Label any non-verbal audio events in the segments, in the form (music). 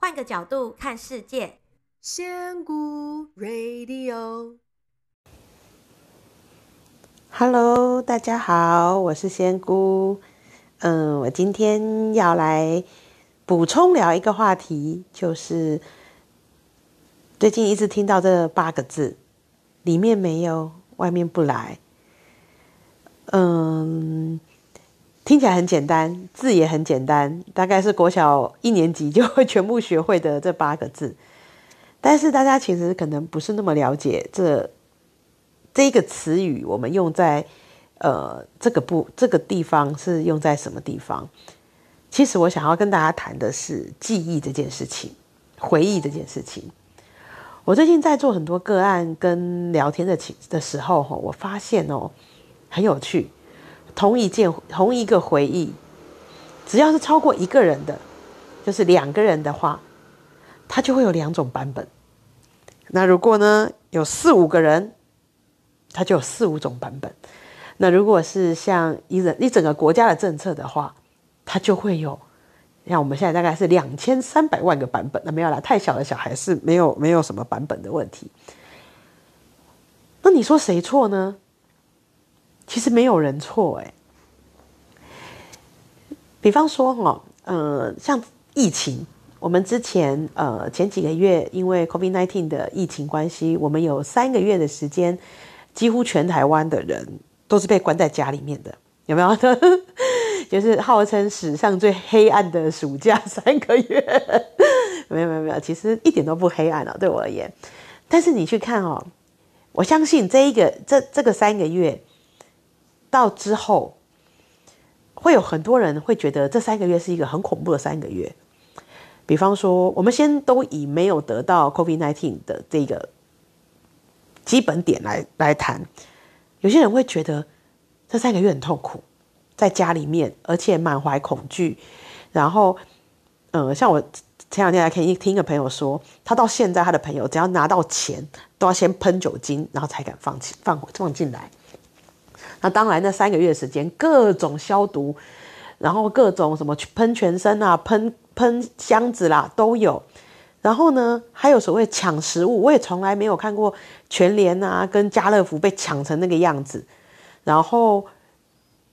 換個角度看世界，仙姑 Radio，Hello，大家好，我是仙姑，嗯，我今天要來補充聊一個話題，就是最近一直聽到這八個字，裡面沒有，外面不來，嗯。聽起來很簡單，字也很簡單，大概是國小一年級就會全部學會的這八個字。但是大家其實可能不是那麼了解這這一個詞語，我們用在呃這個不這個地方是用在什麼地方？其實我想要跟大家談的是記憶這件事情，回憶這件事情。我最近在做很多個案跟聊天的時的時候，哦，我發現哦，很有趣。同一件、同一個回憶，只要是超過一個人的，就是兩個人的話，他就會有兩種版本。那如果呢，有四五個人，他就有四五種版本。那如果是像一人一整個國家的政策的話，他就會有，像我們現在大概是兩千三百萬個版本。那沒有啦，太小的小孩是沒有沒有什麼版本的問題。那你說誰錯呢？其實沒有人錯。欸、比方說哈、喔，嗯、呃，像疫情，我們之前呃前幾個月，因為 COVID-19 的疫情關係，我們有三個月的時間，幾乎全台灣的人都是被關在家裡面的，有沒有？ (laughs) 就是號稱史上最黑暗的暑假三個月， (laughs) 沒有沒有沒有，其實一點都不黑暗了，喔，對我而言。但是你去看哦、喔，我相信這一個這這個三個月。到之後，會有很多人會覺得這三個月是一個很恐怖的三個月。比方說，我們先都以沒有得到 COVID-19 的這個基本點來來談，有些人會覺得這三個月很痛苦，在家裡面，而且滿懷恐懼。然後，呃，像我前兩天還可以聽一個朋友說，他到現在他的朋友只要拿到錢，都要先噴酒精，然後才敢放放放進來。那當然，那三個月的時間，各種消毒，然後各種什麼噴全身啊，噴噴箱子啦都有。然後呢，還有所謂搶食物，我也從來沒有看過全聯啊跟家樂福被搶成那個樣子。然後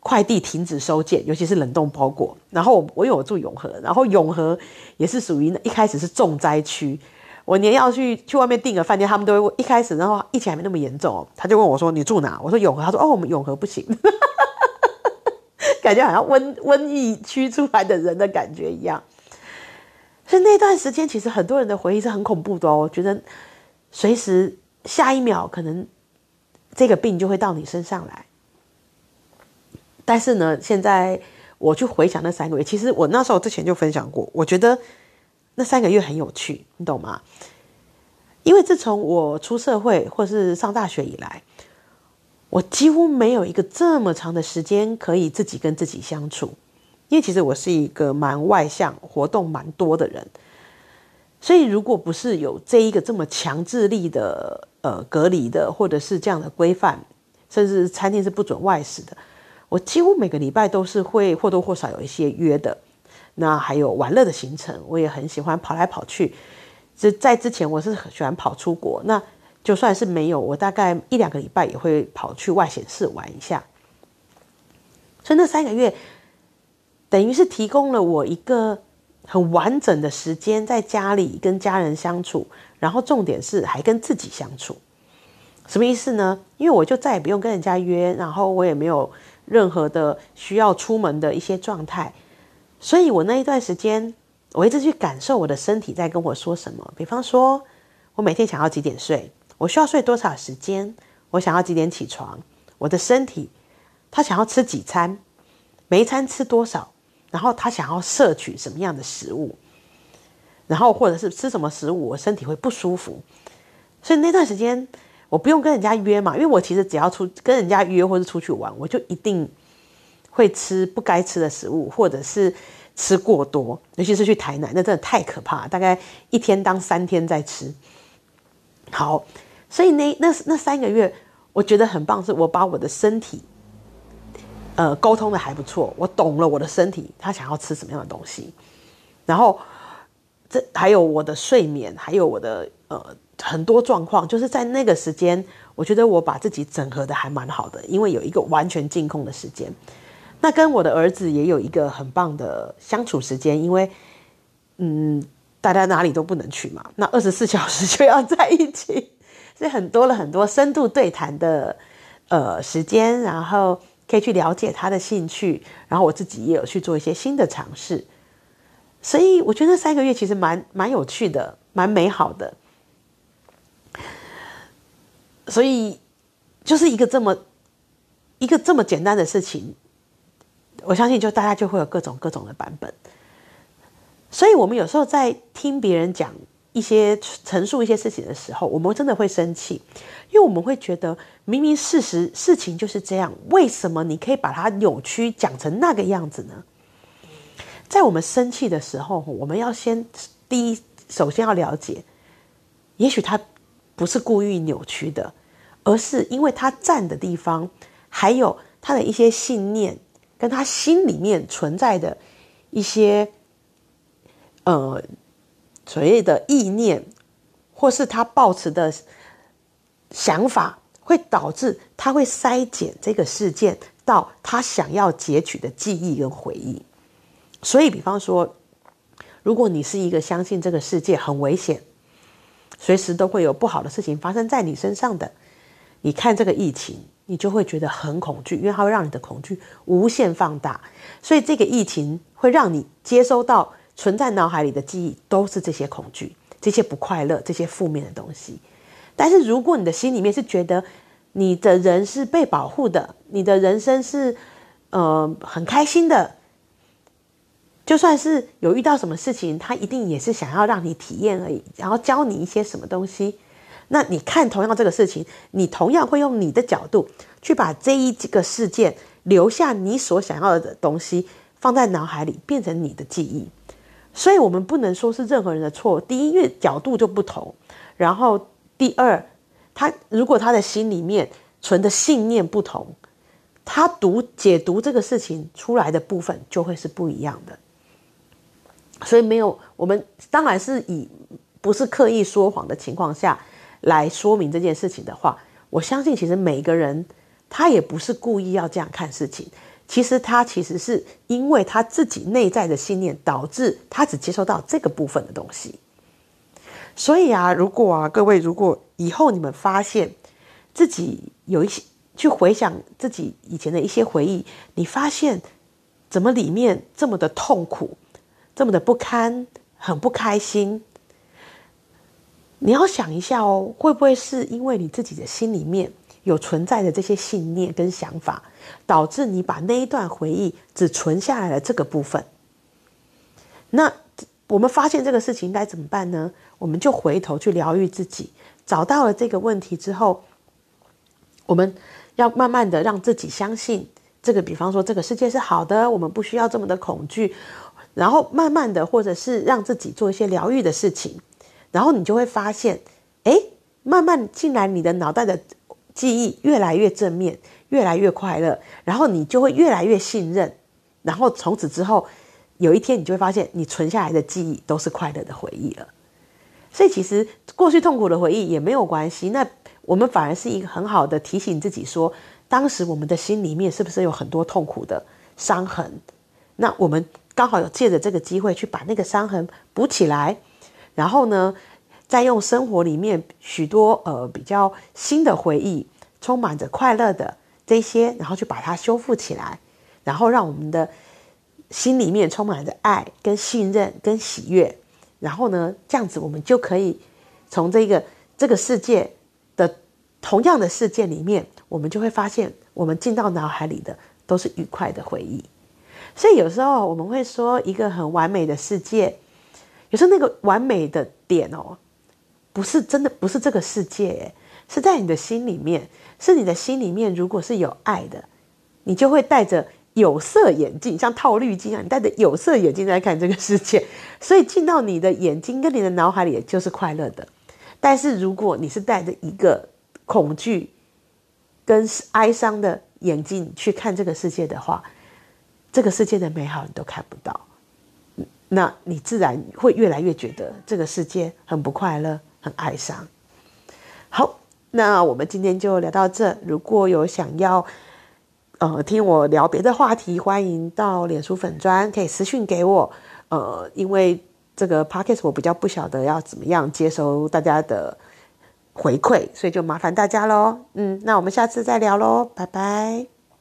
快遞停止收件，尤其是冷凍包裹。然後我因為我住永和，然後永和也是屬於一開始是重災區。我連要去去外面訂個飯店，他們都會問，一開始，然後疫情還沒那麼嚴重，他就問我說：“你住哪？”我說：“永和。”他說：“哦，我們永和不行。 (laughs) ”感覺好像瘟瘟疫區出來的人的感覺一樣。所以那段時間，其實很多人的回憶是很恐怖的哦。我覺得隨時下一秒可能這個病就會到你身上來。但是呢，現在我去回想那三個月，其實我那時候之前就分享過，我覺得。那三個月很有趣，你懂嗎？因為自從我出社會或是上大學以來，我幾乎沒有一個這麼長的時間可以自己跟自己相處。因為其實我是一個蠻外向、活動蠻多的人，所以如果不是有這一個這麼強制力的呃隔離的，或者是這樣的規範，甚至餐廳是不准外食的，我幾乎每個禮拜都是會或多或少有一些約的。那還有玩樂的行程，我也很喜歡跑來跑去。這在之前我是很喜歡跑出國，那就算是沒有，我大概一兩個禮拜也會跑去外縣市玩一下。所以那三個月，等於是提供了我一個很完整的時間在家裡跟家人相處，然後重點是還跟自己相處。什麼意思呢？因為我就再也不用跟人家約，然後我也沒有任何的需要出門的一些狀態。所以，我那一段時間，我一直去感受我的身體在跟我說什麼。比方說，我每天想要幾點睡，我需要睡多少時間，我想要幾點起床，我的身體他想要吃幾餐，每一餐吃多少，然後他想要攝取什麼樣的食物，然後或者是吃什麼食物，我身體會不舒服。所以那段時間，我不用跟人家約嘛，因為我其實只要出跟人家約，或是出去玩，我就一定。會吃不該吃的食物，或者是吃過多，尤其是去台南，那真的太可怕。大概一天當三天在吃，好，所以那那那三個月，我覺得很棒，是我把我的身體，呃，溝通的還不錯，我懂了我的身體，它想要吃什麼樣的東西，然後這還有我的睡眠，還有我的呃很多狀況，就是在那個時間，我覺得我把自己整合的還蠻好的，因為有一個完全禁控的時間。那跟我的兒子也有一個很棒的相處時間，因為，嗯，大家哪裡都不能去嘛，那二十四小時就要在一起，所以很多了很多深度對談的，呃，時間，然後可以去了解他的興趣，然後我自己也有去做一些新的嘗試，所以我覺得那三個月其實蠻蠻有趣的，蠻美好的，所以就是一個這麼一個這麼簡單的事情。我相信，就大家就會有各種各種的版本。所以，我們有時候在聽別人講一些陳述一些事情的時候，我們真的會生氣，因為我們會覺得，明明事實事情就是這樣，為什麼你可以把它扭曲講成那個樣子呢？在我們生氣的時候，我們要先第一，首先要了解，也許他不是故意扭曲的，而是因為他站的地方，還有他的一些信念。跟他心裡面存在的，一些，呃，所謂的意念，或是他抱持的想法，會導致他會篩減這個事件到他想要截取的記憶跟回憶。所以，比方說，如果你是一個相信這個世界很危險，隨時都會有不好的事情發生在你身上的，你看這個疫情。你就會覺得很恐懼，因為它會讓你的恐懼無限放大。所以這個疫情會讓你接收到存在腦海裡的記憶都是這些恐懼、這些不快樂、這些負面的東西。但是如果你的心裡面是覺得你的人是被保護的，你的人生是嗯、呃、很開心的，就算是有遇到什麼事情，他一定也是想要讓你體驗而已，然後教你一些什麼東西。那你看，同樣這個事情，你同樣會用你的角度去把這一幾個事件留下你所想要的東西放在腦海裡，變成你的記憶。所以，我們不能說是任何人的錯。第一，因為角度就不同；然後，第二，他如果他的心裡面存的信念不同，他讀解讀這個事情出來的部分就會是不一樣的。所以，沒有我們當然是以不是刻意說謊的情況下。來說明這件事情的話，我相信其實每個人他也不是故意要這樣看事情，其實他其實是因為他自己內在的信念，導致他只接受到這個部分的東西。所以啊，如果啊各位如果以後你們發現自己有一些去回想自己以前的一些回憶，你發現怎麼裡面這麼的痛苦，這麼的不堪，很不開心。你要想一下哦，會不會是因為你自己的心裡面有存在的這些信念跟想法，導致你把那一段回憶只存下來了這個部分。那我們發現這個事情應該怎麼辦呢？我們就回頭去療癒自己，找到了這個問題之後，我們要慢慢的讓自己相信這個，比方說這個世界是好的，我們不需要這麼的恐懼，然後慢慢的，或者是讓自己做一些療癒的事情。然後你就會發現，哎，慢慢進來你的腦袋的記憶越來越正面，越來越快樂，然後你就會越來越信任，然後從此之後，有一天你就會發現，你存下來的記憶都是快樂的回憶了。所以其實過去痛苦的回憶也沒有關係，那我們反而是一個很好的提醒自己說，當時我們的心裡面是不是有很多痛苦的傷痕？那我們剛好有借着這個機會去把那個傷痕補起來。然後呢，再用生活裡面許多呃比較新的回憶，充滿着快樂的這些，然後去把它修復起來，然後讓我們的心裡面充滿着愛、跟信任、跟喜悅。然後呢，這樣子我們就可以從這個這個世界的同樣的事件裡面，我們就會發現，我們進到腦海裡的都是愉快的回憶。所以有時候我們會說，一個很完美的世界。有時候那個完美的點哦、喔，不是真的，不是這個世界、欸，是在你的心裡面，是你的心裡面。如果是有愛的，你就會戴着有色眼鏡，像套濾鏡啊，你戴着有色眼鏡來看這個世界，所以進到你的眼睛跟你的腦海裡也就是快樂的。但是如果你是戴着一個恐懼跟哀傷的眼鏡去看這個世界的話，這個世界的美好你都看不到。那你自然會越來越覺得這個世界很不快樂、很哀傷。好，那我們今天就聊到這。如果有想要，呃，聽我聊別的話題，歡迎到臉書粉專可以私訊給我。呃，因為這個 Podcast 我比較不曉得要怎麼樣接收大家的回饋，所以就麻煩大家嘍。嗯，那我們下次再聊嘍，拜拜。